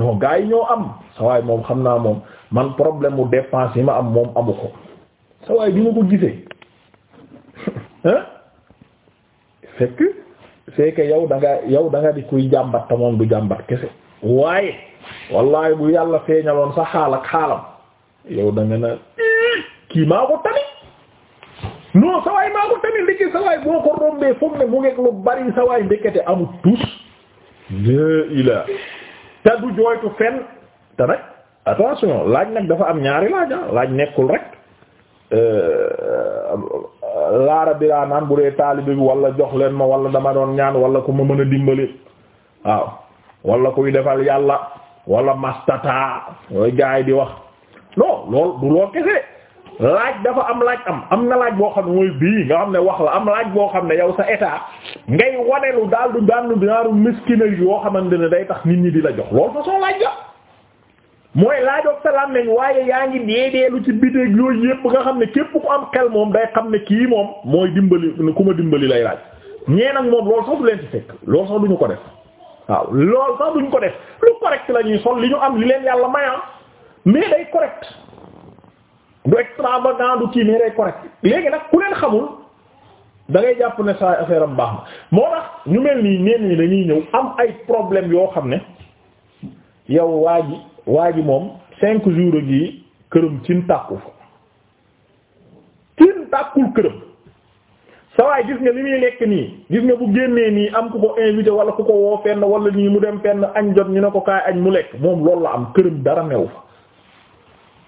non gars yi ñoo am sa moom xam naa moom man problème mu dépense yi ma am moom amu ko sa bi ma ko gisee hein fekk c'est que yow da danga yow da nga di kuy jàmbat te moom du jàmbat kese waaye wallahi bu yàlla feeñaloon sa xaal xaalam yow da nga kii maa ko tamit non sa maa ko tamit ndekki sa boo ko rombee foog ne mu ngeeg lu bari sa waay ndekete amul tus la te du jooytu fenn te nag attention laaj nag dafa am ñaari laaj ah, laaj nekkul rek euh, laara bi laa bu dee taalibe bi wala jox leen ma wala dama doon ñaan wala ku ma mën a dimbali waaw wala kuy defal yàlla wala mastata yooyu gaay di wax non loolu du loo kese laaj dafa am laaj am am na laaj boo xam ne mooy bii nga xam ne wax la am laaj boo xam ne yow sa état ngay wanelu daal du daandu dinaaru miskina yoo xamante ne day tax nit ñi di la jox loolu façon laaj la mooy laajoog sa làmmiñ waaye yaa ngi deedeelu ci bitéeg yooyu yépp nga xam ne képp ku am xel moom day xam ne kii moom mooy dimbali ku ma dimbali lay laaj ñee nag moom loolu sax du leen ci fekk loolu sax duñu ko def waaw loolu sax duñ ko def lu correct la ñuy sol li ñu am li leen yàlla mayaa mais day correct du extravagant du kii mais day correct léegi nag ku dangay jàpp ne saa affaire am baax na moo tax ñu mel nii ñenn ñi dañuy ñëw am ay problème yoo xam ne yow waa ji waa ji moom cinq jours a gi këram cin tàkku fa cin tàkkul këram sa waay gis nga li muy lekk nii gis nga bu génnee nii am ku ko invité wala ku ko woo fenn wala nii mu dem fenn añ jot ñu ne ko kaay añ mu lekk moom loolu la am këram dara new fa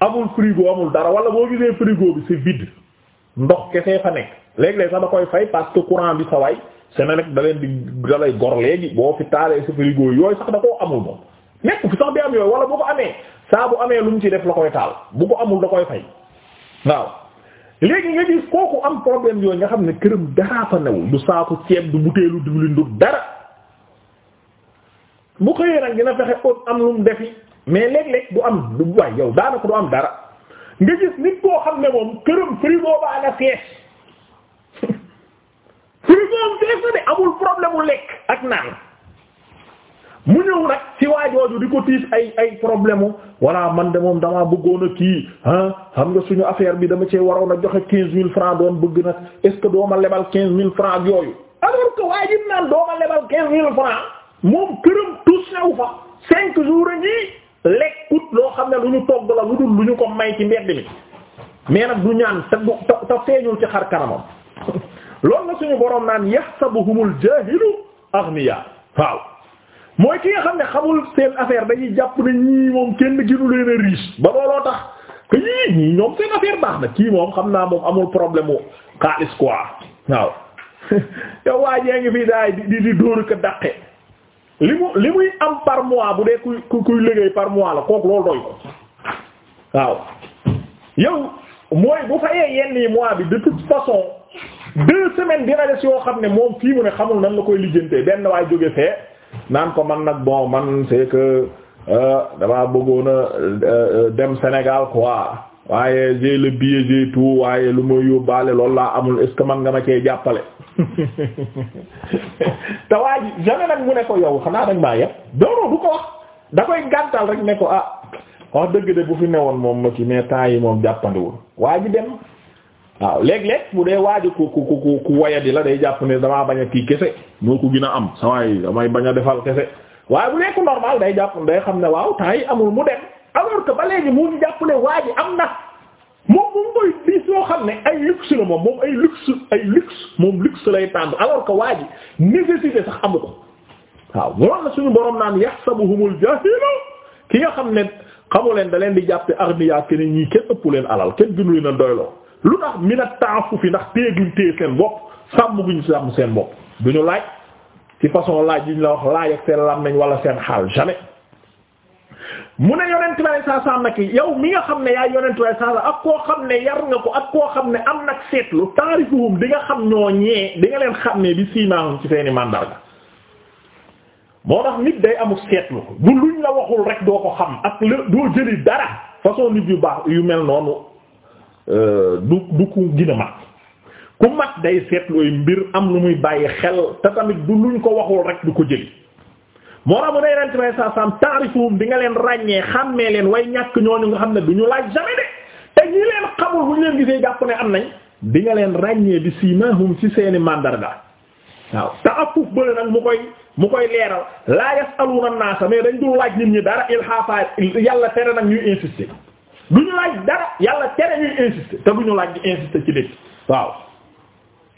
amul frigo amul dara wala boo gisee frigo bi c'est vide ndox kese fa nekk léeg-léeg sax da koy fay parce que courant bi sa waay Senelec da leen di da lay gor léegi boo fi taalee sa frigo yooyu sax da koo amul moom nekk fi sax bi am yooyu wala boo ko amee saa bu amee lu mu ci def la koy taal bu ko amul da koy fay waaw léegi nga gis kooku am problème yooyu nga xam ne këram daraa fa newul du saako ceeb du lu diwlin du dara bu xëyee nag dina fexe am lu mu defi mais léeg-léeg du am du waay yow daanaka du am dara. nga gis nit koo xam ne moom këram frigo baa nga fees frigo am fees na de amul problème mu lekk ak naan mu ñëw nag ci waajooju di ko tiis ay ay problème u voilà man de moom damaa bëggoon a kii ah xam nga suñu affaire bi dama cee waroon a joxe quinze mille francs doon bëgg nag est-ce que dooma lebal quinze mille francs yooyu alors que waajib naan dooma lebal quinze mille francs moom këram tus new fa cinq jours a ngi lekkut loo xam ne lu ñu togg la lu dul lu ñu ko may ci mbedd mi mais nag du ñaan te du te feeñul ci xar kanamam loolu na suñu boroom naan yahsabuhumul jaahilu aghniya waaw mooy ki nga xam ne xamul seen affaire dañuy jàpp ne ñii moom kenn gënu leen a riche ba looloo tax que ñii ñii ñoom seen affaire baax na kii moom xam naa moom amul problème mu xaalis quoi waaw yow waa jee ngi fii daay di di dóoru ko daqe li mu li muy am par mois bu dee kuy kuy liggéey par mois la kooku loolu doy ko waaw yow mooy bu fayee yenn yi mois bi de toute façon deux semaines dina des yoo xam ne moom fii mu ne xamul nan la koy lijjantee benn waay jóge fee naan ko man nag bon man c'est que euh, damaa bëggoon a euh, dem Sénégal quoi waaye j'ai le billet tout waaye lu ma yóbbaale loolu laa amul est que man nga ma cee jàppale te waa ji jamais nag mu ne ko yow xanaa dañ maa yëpp doonoo du ko wax da koy gàntal rek ne ko ah wax dëgg de bu fi newoon moom ma ci mais temps yi moom jàppandiwul waa ji dem waaw léeg-léeg bu dee waa ji ku ku ku ku wayadi la day jàpp ne damaa bañ a kii kese moo ko gën am sawaay damay bañ a defal kese waaye bu nekk normal day jàpp day xam ne waaw temps yi amul mu dem alors que ba léegi mu ngi jàpp ne waa am na. moom moom mooy bis yoo xam ne ay luxe la moom moom ay luxe ay luxe moom luxe lay tànn alors que waa ji nécessité sax amu ko waaw loolu la suñu borom naan yahsabuhumul jaahilu ki nga xam ne xamu leen da leen di jàppe arniya kenn ñi kenn ëpp leen alal kenn gënu leen a doyloo lu tax mina taafu fi ndax teeguñ tee seen bopp sàmm guñ sàmm seen bopp duñu laaj ci façon laaj yi ñu la wax laaj ak seen lam nañ wala seen xaal jamais. mu ne yonent bi saa saa nag yow mi nga xam ne yaa yonent bi saa saa ak koo xam ne yar nga ko ak koo xam ne am nag seetlu taarifuhum di nga xam ñoo ñee leen xam ne bi siimaahum ci seeni màndarga moo tax nit day amul seetlu bu luñ waxul rek doo ko xam ak l doo dara façon nit yu baax yu mel noonu euh, du du ku gina mat ku mat day seetlu mbir am lu muy bàyyi xel te tamit bu luñ ko waxul rek du ko jëli moo tax mu ne yeneen tibay saa saam taarifuhum di nga leen ràññee xàmmee leen way ñàkk ñoo ñooñu nga xam ne du ñu laaj jamais de te ñi leen xamul bu ñu leen gisee jàpp ne am nañ di nga leen ràññee bi simahum ci seeni mandarga waaw te afuf bële nag mu koy mu koy leeral laa yasaluna naasa mais dañ dul laaj nit ñi dara ilhaafa yàlla tere nag ñuy insister du ñu laaj dara yàlla tere ñuy insister te du ñu laaj di insister ci dëkk waaw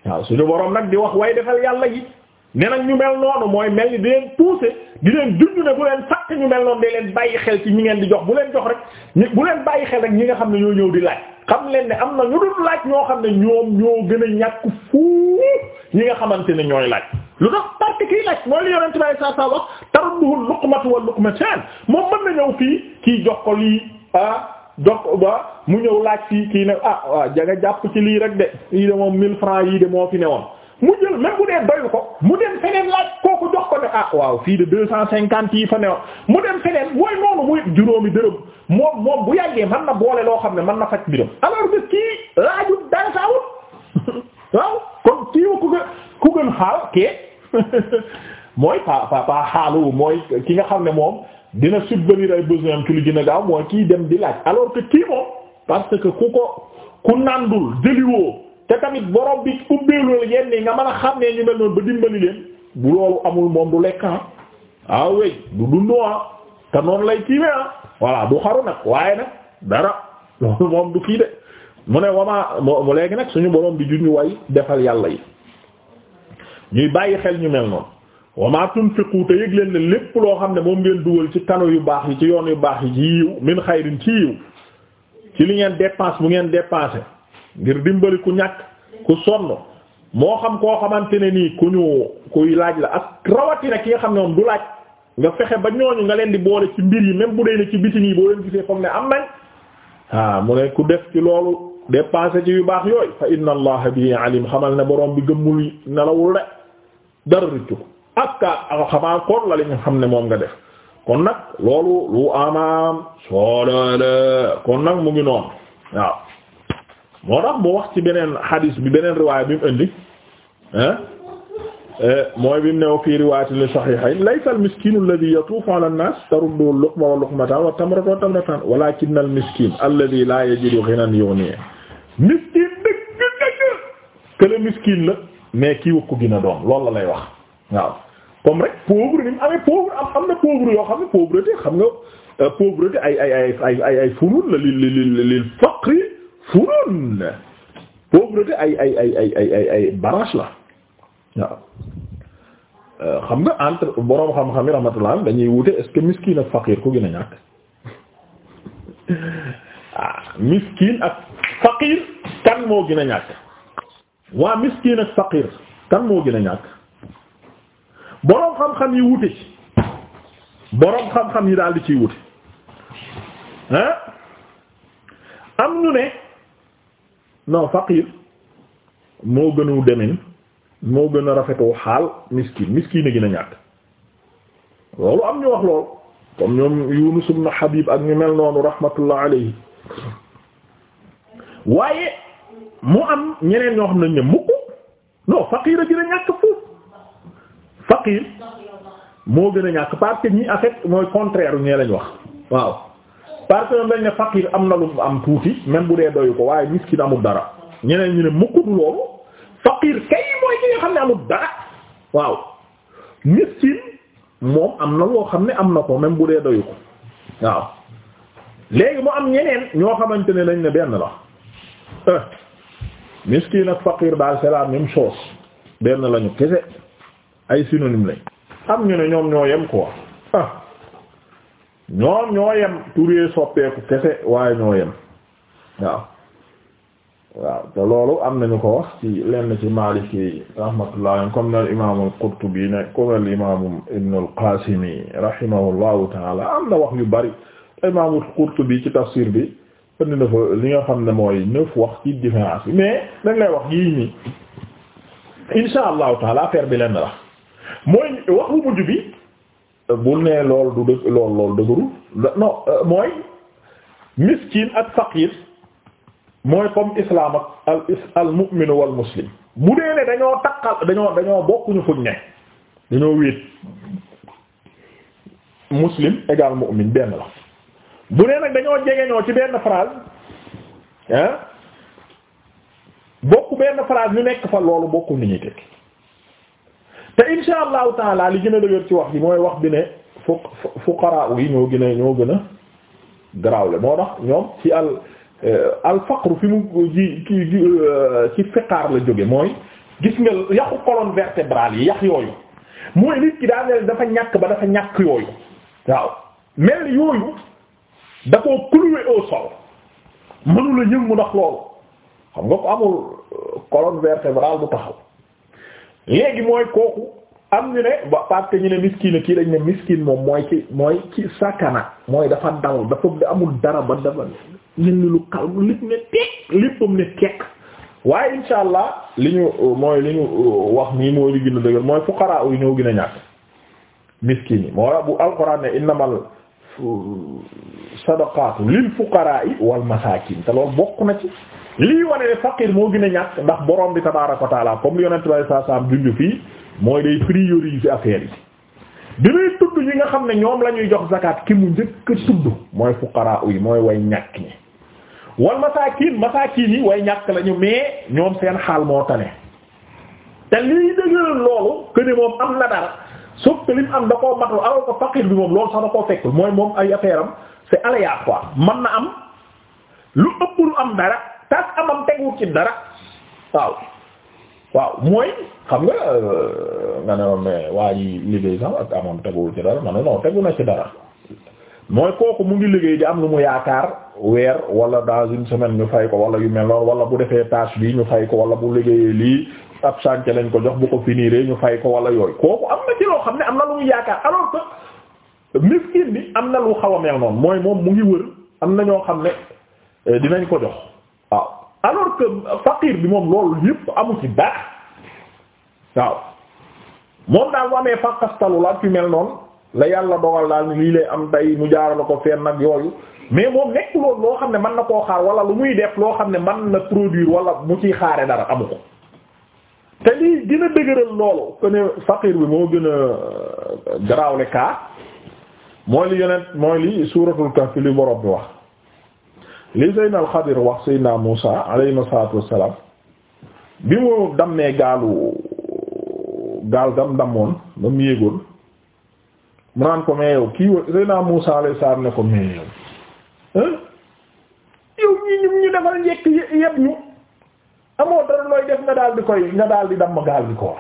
waaw suñu borom nag yàlla yi ne nag ñu mel noonu mooy mel ni di leen pousser di leen junj ne bu leen fàtte ñu mel noonu day leen bàyyi xel ci ñi ngeen di jox bu leen jox rek ñi bu leen bàyyi xel rek ñi nga xam ne ñoo ñëw di laaj xam leen ne am na ñu dul laaj ñoo xam ne ñoom ñoo gën a ñàkk fuuf ñi nga xamante ne ñooy laaj lu tax parce que kii laaj mooy li yonent bi saa saa wax tarduhu luqmatu wa luqmatan moom mën na ñëw fii kii jox ko lii ah jox ko ba mu ñëw laaj fii kii ne ah waaw ja ci lii rek de lii moom 1000 francs yii de moo fi newoon mu jël même bu dee doyu ko mu dem feneen laaj kooku jox ko ne ah waaw fii de deux cent cinquante yi fa ne mu dem feneen mooy noonu muy juróomi dërëm moom moom bu yàggee mën na boole loo xam ne man na faj bi dem que kii laaju dara waaw kon kii ku gën ku gën xaal kee mooy pa pa pa xaalu mooy ki nga xam ne moom dina subvenir ay besoin am ci lu gën gaaw mooy kii dem di laaj alors que kii parce que ku ko ku nandul jëliwoo te tamit borom bi ubbeelu la yenn nga mën a xam ne ñu mel noonu ba dimbali leen bu loolu amul moom du lekk ah waaw wéy du dundu ah te noonu lay kiiwee ah voilà du xaru nag waaye nag dara loolu moom du kii de mu ne wamaa mu léegi nag suñu borom bi juñu way defal yàlla yi ñuy bàyyi xel ñu mel noonu wamaa tunfiqu te yëg leen leen lépp loo xam ne moom ngeen dugal ci kano yu baax yi ci yoon yu baax yi ci yiw min xayrin ci yiw ci li ngeen dépense bu ngeen dépensé ngir dimbali ku ñàkk ku sonn moo xam koo xamante ne nii ku ñu kuy laaj la ak rawatina ki nga xam ne moom du laaj nga fexe ba ñooñu nga leen di boole ci mbir yi même bu dee ne ci biti nii boo leen gisee foog ne am nañ ah mu ne ku def ci loolu dépensé ci yu baax yooyu fa inna allaha bi alim xamal ne borom bi gëmmul nelawul de dara rëccu ak ka xamaa koon la li xam ne moom nga def kon nag loolu lu amaam soo kon nag mu ngi noonu waaw moo tax mu wax ci beneen xadis bi beneen riwaay bi mu indi ah mooy bi mu ne wa fii riwaayatin li sahihayn laysa al miskinu alladhi yatuufu ala an-nas taruddu luqma wa luqmatan wa tamratan wa tamratan walakinna al miskin alladhi la yajidu ghinan yughni miskin dëgg dëgg que miskin la mais kii wëkku gën a doon loolu la lay wax waaw comme rek pauvre ni mu amee pauvre am am na pauvre yoo xam ne pauvreté xam nga pauvreté ay ay ay ay ay ay funun la lil lil lil faqri furun pauvreté ay ay ay ay ay la waaw euh, xam nga entre boroom xam-xam yi rahmatullah dañuy wute est-ce que miskin ak faqir ku gën a ñàkk ah ak faqir kan moo gën a ñàkk waa miskin ak faqir kan moo gën a ñàkk boroom xam-xam yi wute boroom xam-xam yi daal di ciy wute ah am ñu ne non faqir moo gënu demin moo gën a rafetoo xaal miskin miskin a gën a ñàkk loolu am ñu wax lool comme ñoom Yunus ibn Habib ak ñu mel noonu rahmatullah alayhi waaye mu am ñeneen ñoo xam nañ ne mukk non faqir a gën a ñàkk foofu faqir moo gën a ñàkk parce que ñi en fait mooy contraire ñee lañ wax waaw parce que dañ ne faqir am na lu am tuuti même bu dee doyu ko waaye miskin amul dara ñeneen ñu ne mukk du loolu faqir kay mooy ki xam ne amul dara waaw miskin moom am na loo xam ne am na ko même bu dee doyu ko waaw léegi mu am ñeneen ñoo xamante ne dañ ne benn la euh miskin ak faqir daal c'est la même benn lañu kese ay synonyme lañ am ñu ne ñoom ñoo yem ko ah ñoom ñoo yem turee soppeeku kese waaye ñoo yem waaw waaw te loolu am nañu ko wax ci lenn ci Maliki rahmatullah comme na am na wax yu bari imam al Qurtubi ci tafsir bi indi na li nga xam ne mooy neuf wax ci différence mais dañ lay wax yii nii insha allahu taala affaire bi lenn la mooy wax mujj bi bul nee lool du dëgg lool lool dëgëru non euh, mooy miskin ak faqir mooy comme islam ak al al mu'min wal muslim bu dee ne dañoo takkal dañoo dañoo bokkuñu fuñ ne dañoo wéet muslim égal mu'min benn la bu dee nag dañoo jegeñoo ci benn phrase hein bokku benn phrase ñu nekk fa loolu bokku ni ñuy tekki te insha allahu taala li gën a dëgër ci wax ji mooy wax bi ne fuq fuqaraa yi ñoo gën a ñoo gën a garaawle moo tax ñoom ci al euh, al faqru fi mu ji euh, ci fiqaar la jóge mooy gis nga yàqu colonne vertébrale yi yàq yooyu mooy nit ki daa mel dafa ñàkk ba dafa ñàkk yooyu waaw mel yooyu da koo clouer au sol mënula ñëngu ndax loolu xam nga ko amul euh, colonne vertébrale bu taxaw léegi mooy kooku am ñu ne ba parce que ñu ne miskiin kii lañ ne miskiin moom mooy ci mooy ci sakana mooy dafa dal dafa amul dara ba dafa ñun lu calme lépp ne tekk léppam ne tekk waaye insha allah li ñu mooy li ñu wax nii mooy li gën a dëgër mooy fuqaraa yi ñoo gën a ñàkk miskiin yi moo bu alxuraan ne innamal sadaqaatu lil fuqaraa'i wal masaakiin te loolu bokk na ci lii wane ne faqir moo gën a ñàkk ndax borom bi tabaaraka wa taala comme li yonent bi saa saam junj fii mooy day prioriser affaire yi. bi tudd ñi nga xam ne ñoom lañuy jox zakat ki mu njëkk a tudd mooy fuqaraa yi mooy way ñàkk ñi wal masaakiin masaakiin yi way ñàkk lañu mais ñoom seen xaal moo tane te lii dëgëral loolu que moom am na dara. sauf que li am da koo matal alors que faqir bi moom loolu sax da koo fekkul mooy moom ay affaire si c'est aléatoire man na am lu ëpp lu am dara tas amam teguwul ci dara waaw waaw mooy xam nga euh, nga ne ma waa ji liggéey sax ak amam teguwul ci dara ma ne non tegu na ci dara mooy kooku mu ngi liggéey di am lu mu yaakaar weer wala dans une semaine ñu fay ko wala yu mel noonu wala bu defee taas bi ñu fay ko wala bu liggéeyee lii ab chantier lañ ko jox bu ko finiree ñu fay ko wala yooyu kooku am na ci loo xam ne am na lu mu yaakaar alors que miskin bi am na lu xaw a mel noonu mooy moom mu ngi wër am na ñoo xam ne eh, dinañ ko jox waaw alors que fakir bi moom loolu yëpp amu ci dara waaw moom daal bu amee fàqastalu la ak mel noonu. la yàlla dogal daal ni lii lay am tey mu la ko fenn nag yooyu mais moom nekk loolu loo xam ne man na koo xaar wala lu muy def loo xam ne man na produire wala mu ciy xaare dara amu ko te lii gën a dëgëral loolu que bi moo gën a euh, garaawle kaa mooy li yonent mooy li suuratul kahf li borom bi wax li Seydina Al-Xadir wax Seydina Muusa alayhi salaatu wassalaam bi mu dammee gaalu gaal gam damoon ba mu yéegoon mu naan ko mais yow kii wa Seydina Muusaa alayhi salaam ne ko mais yow yow ñu ñu defal njekk yépp ñu amoo dara looy def nga daal di koy nga daal di damm gaal bi ko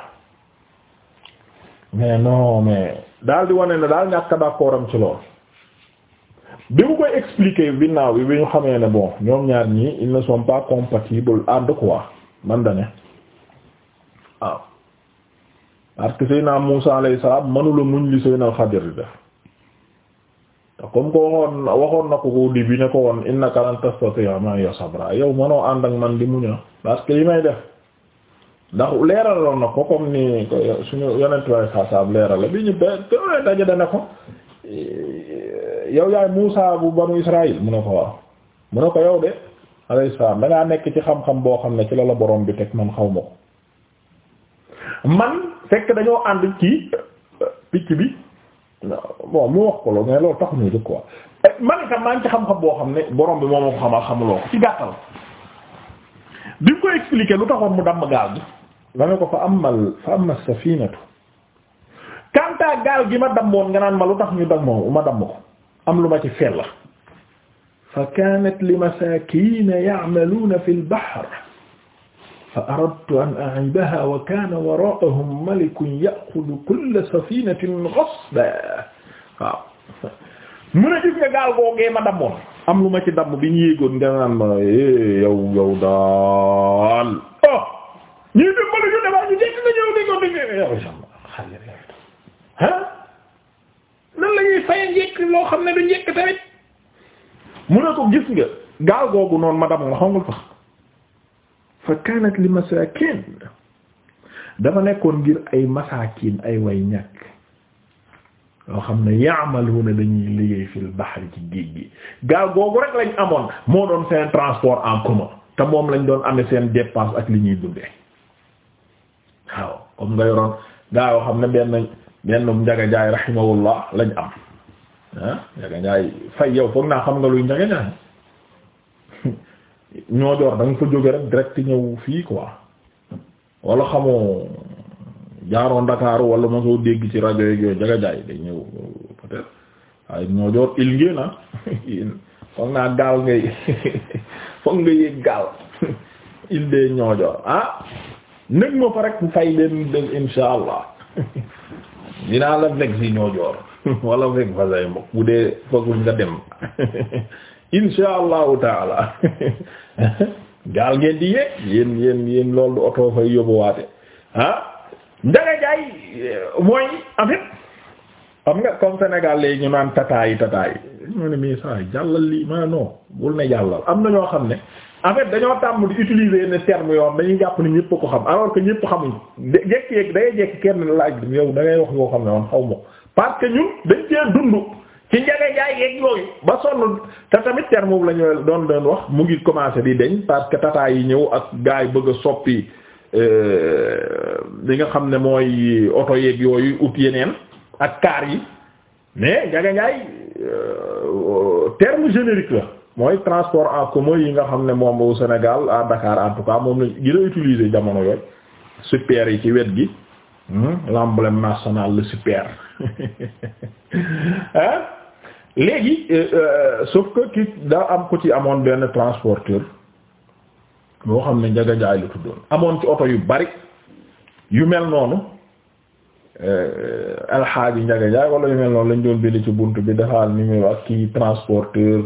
mais non mais daal di wane ne daal ñàkk d'accord ci lool bi mu koy expliquer ginnaaw bi bi ñu xamee ne bon ñoom ñaar ñii ils ne sont pas compatibles and quoi man da waaw ah. parce que Seydina Muusa alayhi salaam manula muñ li Seydina Xadir di def comme ko waxoon waxoon na ko ko di bi ne ko woon innaka lan tastati'a ma'iya sabra yow manoo ànd ak man di muña ah. parce que li may def ndax leeraloon na ko comme ni suñu yonent saasaam leerala bi ñu daje da ne ko yow yaay Muusa bu banu Israël mu ne ko waaw mu ne ko yow de alayhi salaam dangaa nekk ci xam-xam boo xam ne ci la la borom bi teg man xaw ma ko man fekk dañoo ànd ci euh, picc bi bon mu wax ko loolu mais ñu dëkk quoi man itam maa ngi ci xam-xam boo xam ne borom bi moom moo ko xamal xamuloo ko ci gàttal bi mu expliquer lu taxoon mu damm gaal gi ma ne ko fa amal fa amal safinatu kantaa gaal gi ma dammoon nga naan ma lu tax ñu dammoo ma damm ko am lu ma ci fel la fa kanat li masakin ya'maluna fil bahr fa aradtu an a'iidahaa wa kaana waraa'ahum malikun ya'xudu kulla safiinatin ghasban waaw mu ne gis nga gaal googee ma dammoon am lu ma ci dam bi ñu yéegoon nga naan ma eh, yow yow daal oh ñuy dimbali ñu defar ñu jekk nga di ko dégg yow inshallah xaajal la ñuy fay njëkk loo xam ne du njëkk tamit mu ne ko gis nga gaal googu noonu ma damm nga xamul fa fa kanat li masakin dafa nekkoon ngir ay masakin ay way ñàkk yoo xam ne ya'maluna dañuy liggéey fil bahri ci géej gi gaaw googu rek lañ amoon moo doon seen transport en commun te moom lañ doon amee seen dépense ak li ñuy dundee waaw comme nga yoroon gaa yoo xam ne benn benn njaga jaay lañ am ah jaay fay yow foog naa xam nga luy njaga ñoo joor da nga fa jóge rek direct ñëw fii quoi wala xamoo jaaroo ndakaaru wala ma soo dégg ci rajo yeeg yooyu jaga jaay day ñëw peut-être waaye ñoo il ngeen ah foog naa gaal ngay foog nga yéeg gaal il dee ñoo ah nekk ma fa rek fay leen dem insha allah dinaa la veg si ñoo joor wala veg fa say mbokk bu dee foogul nga dem insha allahu taala gaal ngeen di yéeg yéen yéen yéen loolu du oto fay yóbbuwaate ah Ndege jaay mooy en fait nga comme Sénégal léegi ñu naan tataayi tataayi ñoo ne mais ça jàllal lii ma non bul ne jàllal am na ñoo xam ne en dañoo tàmm di utiliser yenn termes yoon dañuy jàpp ni ñëpp ko xam alors que ñëpp xamuñ jékki-jékki da ngay jékki kenn laaj yow da wax yoo xam ne woon xaw ma parce ñun dañ cee dund. ci njëge jaay yeeg yooyu ba sonn te tamit terme boobu la ñu doon doon wax mu ngi commencé di deñ parce que tata yi ñëw ak gaay bëgg a soppi euh, li nga xam ne mooy oto yeeg yooyu ut yeneen ak kaar yi mais njëge jaay euh, générique la mooy transport en commun yi nga xam ne moom au Sénégal à Dakar en moom la gën a utiliser jamono yooyu super yi ci wet gi hmm? l'emblème national le super hein léegi euh, euh, sauf que ki daa am ko ci amoon benn transporteur boo xam ne njaga njaay lu tuddoon amoon ci oto yu bari yu mel noonu euh, alxaaji njaga njaay wala yu mel noonu lañ doon bind ci bunt bi dafa numéro ak kii transporteur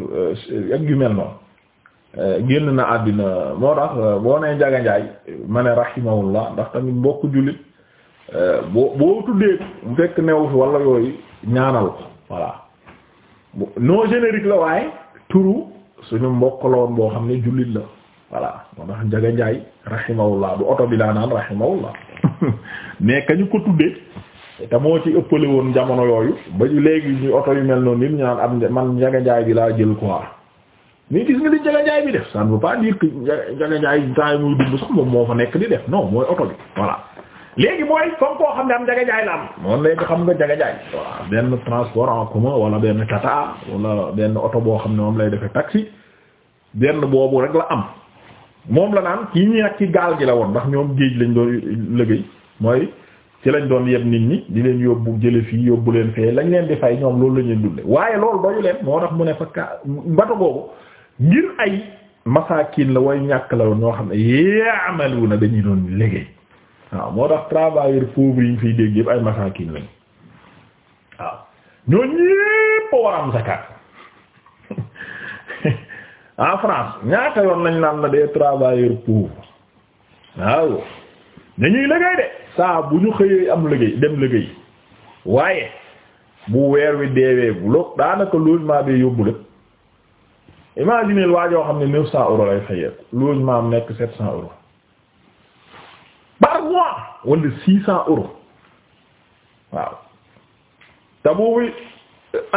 ak yu mel noonu génn na àddina moo tax boo nee njaga njaay ma ne rahimahullah ndax tamit mbokk jullit boo boo tuddee fekk newu fi wala yooyu ñaanal ko voilà non générique la waaye turu suñu mbokk la woon boo xam ne jullit la voilà moo tax Njaga Njaay rahimahullah du oto bi daa naan rahimahullah mais kañu ko tuddee te moo ci ëppale woon jamono yooyu ba léegi ñu oto yu mel noonu nit ñu am man Njaga Njaay bi laa jël quoi mais gis nga li Njaga Njaay bi def ça ne veut pas dire que Njaga muy dund sax moom moo fa nekk di def non mooy oto bi voilà léegi mooy comme koo xam ne am jaga la am moom léegi xam nga jaga jaay benn transport en commun wala benn tata wala benn oto boo xam ne moom lay defee taxi benn boobu rek la am moom la naan kii ñi nag ci gaal gi la woon ndax ñoom géej lañ doon liggéey mooy ci lañ doon yeb nit ñi di leen yóbbu jële fii yóbbu leen fee lañ leen di fay ñoom loolu la ñuy dundee waaye loolu doyu leen moo tax mu ne fa ka bato boobu ngir ay masaakin la way ñàkk la ñoo xam ne yaamalu na dañuy doon liggéey waaw moo tax travailleurs pauvres yi ñu fiy dégg yëpp ay masakin lañ waaw ñoo ñépp war am zakat en France ñaata yoon lañ naan la des travailleurs pauvres waaw dañuy liggéey de saa bu ñu xëyee am liggéey dem liggéey waaye bu weer wi deewee bu lo daanaka logement bi yóbbu lépp imagine waajoo xam ne neuf cent euros lay fayee logement am nekk sept cent euros mois wala six cents euros waaw te boobu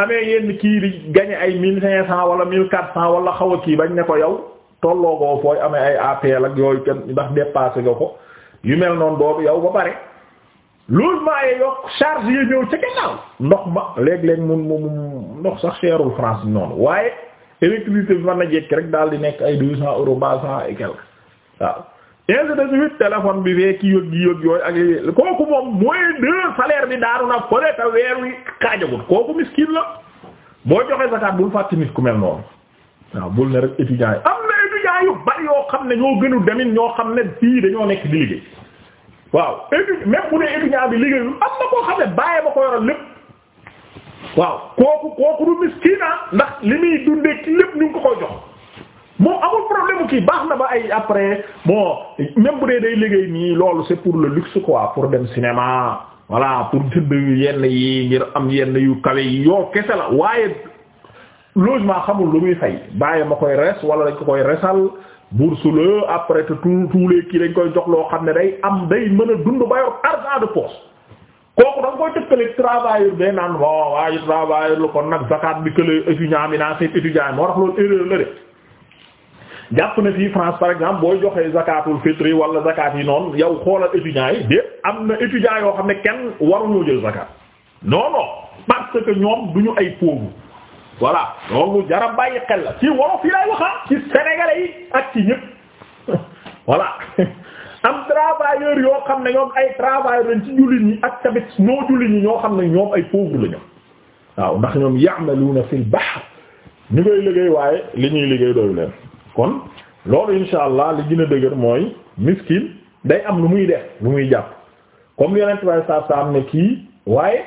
amee yenn kii di gagné ay mille cinq cents wala mille quatre cents wala xaw kii bañ ne ko yow tolloo ko fooy amee ay APL ak yooyu kenn ndax dépassé nga ko yu mel noonu doobu yow ba pare loolu maa yee yokk charge yi ñëw ca gannaaw ndox ma léeg-léeg mu mu ndox sax cherul France noonu waaye électricité bi mën na jekki rek daal di nekk ay deux cents euros ba cent et waaw ainsi de suite téléphone bi fee ki yóg gi yóg yooyu ak kooku moom mooy deux salaire bi daaru na fële te weer wi xaajagut kooku miskin la boo joxee zakat bul fàtte nit ku mel noonu waaw bul ne rek étudiants yi am na étudiants yu bari yoo xam ne ñoo gënu demin ñoo xam ne fii dañoo nekk di liggéey waaw étude même bu dee étudiant bi liggéeyul am na koo xam ne bàyyi ba ko yoroon lépp waaw kooku kooku du miskina ah. ndax li muy dundee lépp ay après bon même bu dee day liggéey nii loolu c'est pour le luxe quoi pour dem cinéma voilà pour tëdd yenn yi ngir am yenn yu kawe yi yoo kese la waaye logement xamul lu muy fay bàyyi ma koy res wala dañ ko koy resal bourse la après te tout tous les kii dañ koy jox loo xam ne day am day mën a dund ba yor argent de poche kooku da nga koy tëkkale travailleur day naan bon waaye travailleur lu kon nag zakat bi kële étudiant bi naa seet étudiant moo tax loolu jàpp na fii France par exemple boo joxee zakatul fitri wala zakat yi noonu yow xoolal étudiants yi déet am na étudiants yoo xam ne kenn waruñoo jël zakat non non parce que ñoom duñu ay pauvre voilà loolu xel la ci wolof yi ah, yoo xam ne ñoom ay travailleurs ci jullit ñi ak tamit ñoo jullit ñi ñoo xam ne ñoom ay pauvre lañu waaw ndax ñoom na fil bahr ñu koy liggéey waaye li ñuy liggéey doyu leen kon loolu insha allah li gën a dëgër mooy miskin day am lu muy def lu muy jàpp comme yonent waaye saa saa am ne kii waaye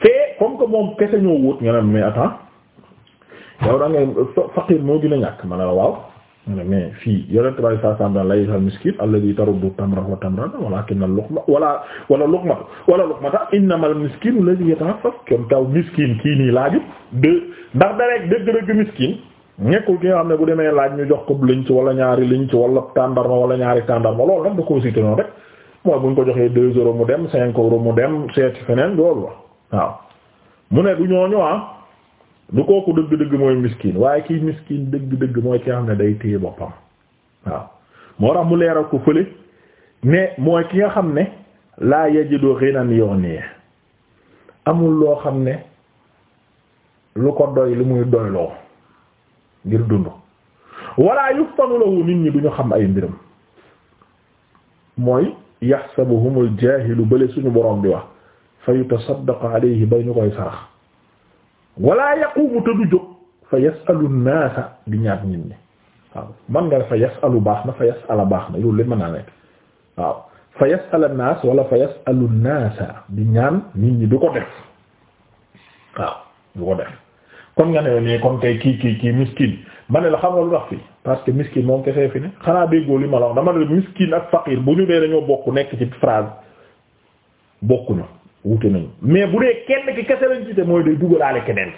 fee comme que moom kese ñoo wóot nga ne mais attends yow da ngay moo gën a ñàkk ma ne la waaw mais fii yonent waaye saa saa am daal laysal miskin alladhi taruddu tamra wa tamra walakin al-luqma wala wala luqma wala luqmata innamal miskinu alladhi yatahaffaf kon taw miskin kii nii laajut de ndax da rek dëgg-dëgg miskin. nekkul ki nga xam ne bu demee laaj ñu jox ko liñ ci wala ñaari liñ ci wala tàndarma wala ñaari tàndarma loolu nag da koo cité noonu rek mooy buñ ko joxee deux euros mu dem cinq euros mu dem seeti feneen loolu la waaw mu ne du ñooñu ah du kooku dëgg-dëgg mooy miskin waaye kii miskin dëgg-dëgg mooy ki nga xam ne day téye boppam waaw moo tax mu leeral ko fële ne mooy ki nga xam ne laa yajidu ghinan yughni amul loo xam ne lu ko doy lu muy doyloo ngir dund wala yuftanu lahu nit ñi duñu xam ay mbiram mooy yaxsabuhumul jaahilu bale suñu boroom bi wax fa yutasaddaqu alayhi bay ñu koy sarax wala yaqumu te du jóg fa yasalu naasa baax baax na loolu lañ mën naa nekk waaw naas wala ñaan nit ñi du ko def waaw du ko def kon nga ne nii kon kay kii kii kii miskin ma ne la xam nga lu tax fi parce que miskin moom kese fi ne xanaa déggoo li ma la wax dama ne miskin ak faqir bu ñu dee dañoo bokk nekk ci phrase bokkuñu wute nañu mais bu dee kenn ki kese lañ de mooy day dugalaale keneen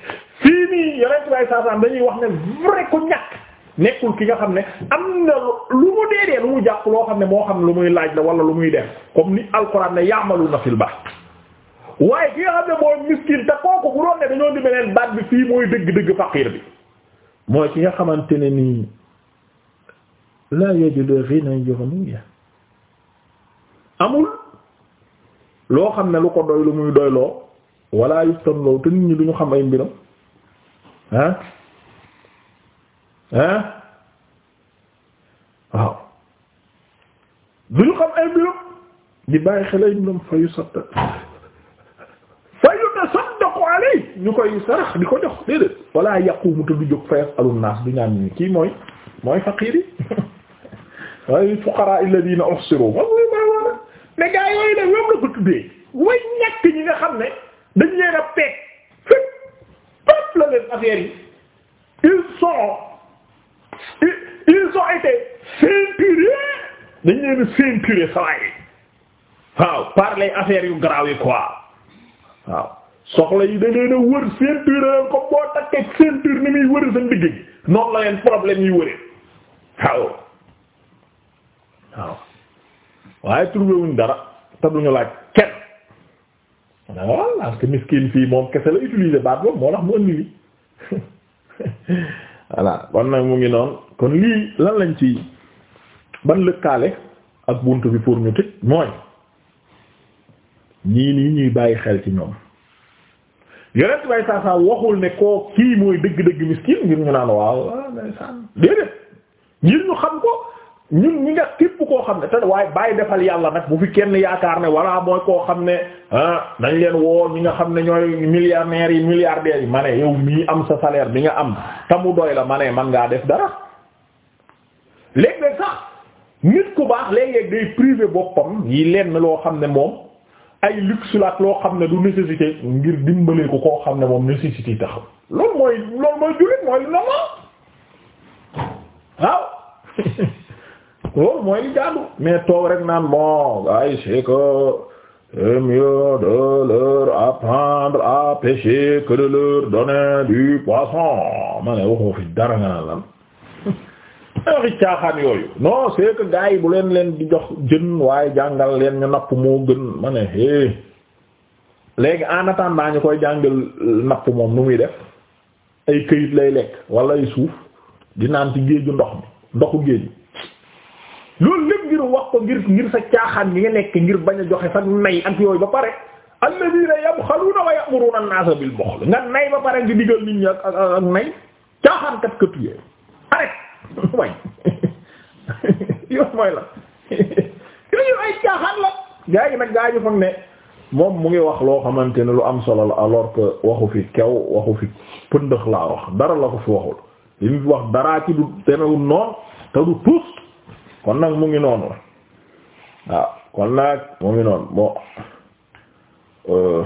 fii nii yeneen way saasaam dañuy wax ne vrai ku ñàkk nekkul ki nga xam ne am na lu mu dee dee lu mu jàpp loo xam ne moo xam ne lu muy laaj la wala lu muy def comme ni alxuraan ne yaamalu na fil ba waaye ki nga xam ne mooy miskin te kooku bu doon ne dañoo di beneen baat bi fii mooy dëgg-dëgg faqiir bi mooy ki nga xamante ne nii laa yajudu ghinan yughniya amul loo xam ne lu ko doy muy doyloo wala yuftan loo te nit ñi duñu xam ay mbiram ah ah waaw duñu xam ay mbiram di bàyyi xel ay mbiram fa yusatta ñu koy sarax di ko jox déedéet wala yaqumu te du jóg fa yasalun naas du ñaan kii mooy mooy faqiir yi waaye fuqaraa alladina uhsiru ma nga xam ne dañ leen a peeg fépp fépp la leen affaire yi ils sont ils ont été ceinturés dañ leen ceinturés sawaay waaw par les yu grave yi waaw soxla yi da leen a wër ceinture ko boo takkee ceinture ni muy wëri sa ndigg gi noonu la leen problème yi wëree waaw waaye trouvé wuñ dara te duñu laaj kenn waaw parce que fii moom kese la utiliser baat boobu moo tax mu indi li voilà kon mu ngi noon kon lii lan lañ ci ban lëkkaale ak bunt bi pour ñu tëj mooy ñii nii ñuy bàyyi xel ci ñoom yonent bay saa saa waxul ne koo kii mooy dëgg-dëgg miskin ngir ñu naan waaw waaw day ngir ñu xam ko ñun ñi nga képp koo xam ne te waaye bàyyi defal yàlla nag bu fi kenn yaakaar ne walla moo koo xam ne ah nañ leen woo ñi nga xam ne ñooy millionnaires yi milliardaires yi ma ne yow mii am sa salaire bi nga am tamu mu doy la ma ne man ngaa def dara léeg-léeg sax nit ku baax léeg day privé boppam yi lenn loo xam ne moom ay luxe loo xam ne du nécessité ngir dimbalee ko koo xam ne moom nécessité taxaw loolu mooy loolu mooy jullit mooy normal waaw loolu mooy li jaadu mais toog rek naan bon gars yi c'est que c'est mieux de leur apprendre à pêcher du poisson ma ne waxoo fi dara lan waxi caaxaan yooyu non yi bu leen leen di jox jën waaye jàngal leen ñu napp moo gën ma ne é eh. léegi en ñu koy jàngal napp moom nu muy def ay këyit lay lekk wala ay suuf di naan ci géeju ndox mi ndoxu géej loolu lépp ngir wax ko ngir ngir sa caaxaan gi nga nekk ngir bañ a joxe sax nay ak yooyu ba pare alladina yabxaluuna wa ya'muruna an-naasa bil buxl nga nay ba pare ngi digal nit ñi ak ak nay caaxaan kat katu yee arrête way yow mooy la yooyu ay caaxaan la ne moom mu ngi wax loo xamante ne lu am solo la alors que waxu fi kew waxu fi pëndëx laa wax dara la ko fi waxul li mu wax daraa ci du demewul noonu te du tuus kon nag mu ngi noonu waaw kon nag mu ngi noonu bon euh,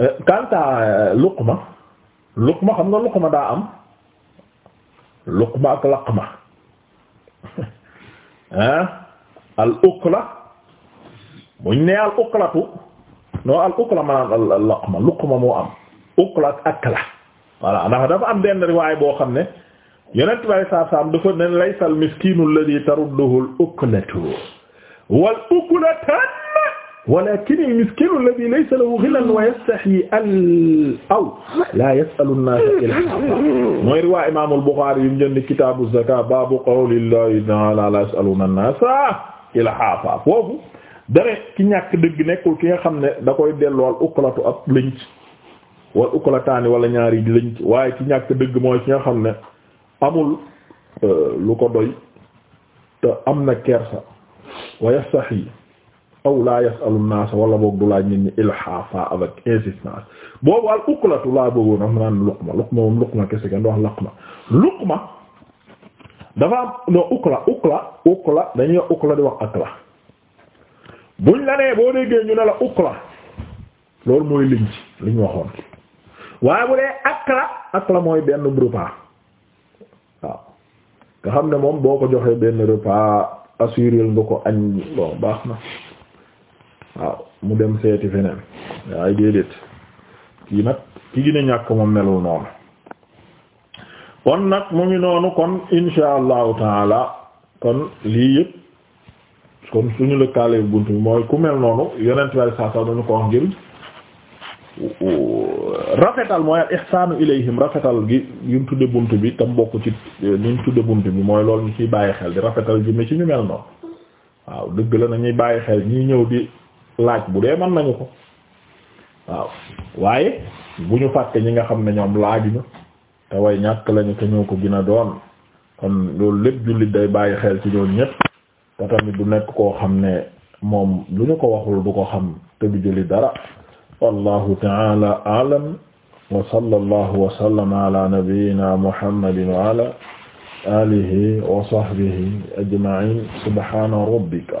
euh, quant à euh, Luqma Luqma xam nga Luqma daa am luqma ak laqma ah al ukla muñ ne al uklatu non al ukla maanaam al laqma luqma moo am ukla ak akla voilà ndax dafa am benn riwaay boo xam ne yonent bi saa saam dafa ne laysa al miskinu alladhi tarudduhu al uklatu wal uklatan walakin al-miskinu alladhi laysa lahu ghilan wa yastahyi aw la yas'alu an-naasa ilhaafa mooy riwaa imaam al-Buxaari yim jënd kitaabu zakaat baabu qawlillahi ta'aala la yas'aluna an-naasa ilhaafa foofu dara ki ñàkk dëgg nekkul ki nga xam ne da koy dellool ukulatu ab lënc wala ukulataani wala ñaari lënc waaye ki ñàkk dëgg mooy ki nga xam ne amul euh, lu ko doy te am na kersa wa yastahyi aw laa yasalu naasa wala boog du laaj nit ñi ilhaafa avec insistance boobu al uqlatu laa bëggoon am naan luqma luqma moom luqma kese kenn du wax laqma luqma dafa am no wax akla buñ la nee boo déggee ñu ne la uqla loolu mooy liñ ci liñ waxoon waaye bu dee akla akla mooy benn repas waaw nga xam ne moom boo ko joxee benn repas assuré nga ko añ bon baax na waaw mu dem seeti feneen waaye déedéet kii nag ki gën ñàkk moom melul noonu kon nag mu ngi noonu kon insha allahu taala kon lii yëpp kon suñu lëkkaale bunt bi mooy ku mel noonu yonent bi saa saa dañu ko wax ngir rafetal mooy al ihsaanu ilayhim rafetal gi yuñ tudde bunt bi tam bokk ci niñ tudde bunt bi mooy loolu ñu ciy bàyyi xel di rafetal jëme ci ñu mel noonu waaw dëgg la nañuy bàyyi xel ñi ñëw di laaj bu dee mën nañu ko waaw waaye bu ñu fàtte ñi nga xam ne ñoom laajuñu te way ñàkk lañu te ñoo ko gën a doon kon loolu lépp jullit day bàyyi xel ci ñoom ñépp te tamit du nekk koo xam ne moom lu ñu ko waxul du ko xam te du dara wallahu ta'ala a'lam wa sallallahu wa sallama ala nabiyyina mu wa ala alihi wa sahbihi ajma'in subhana rabbika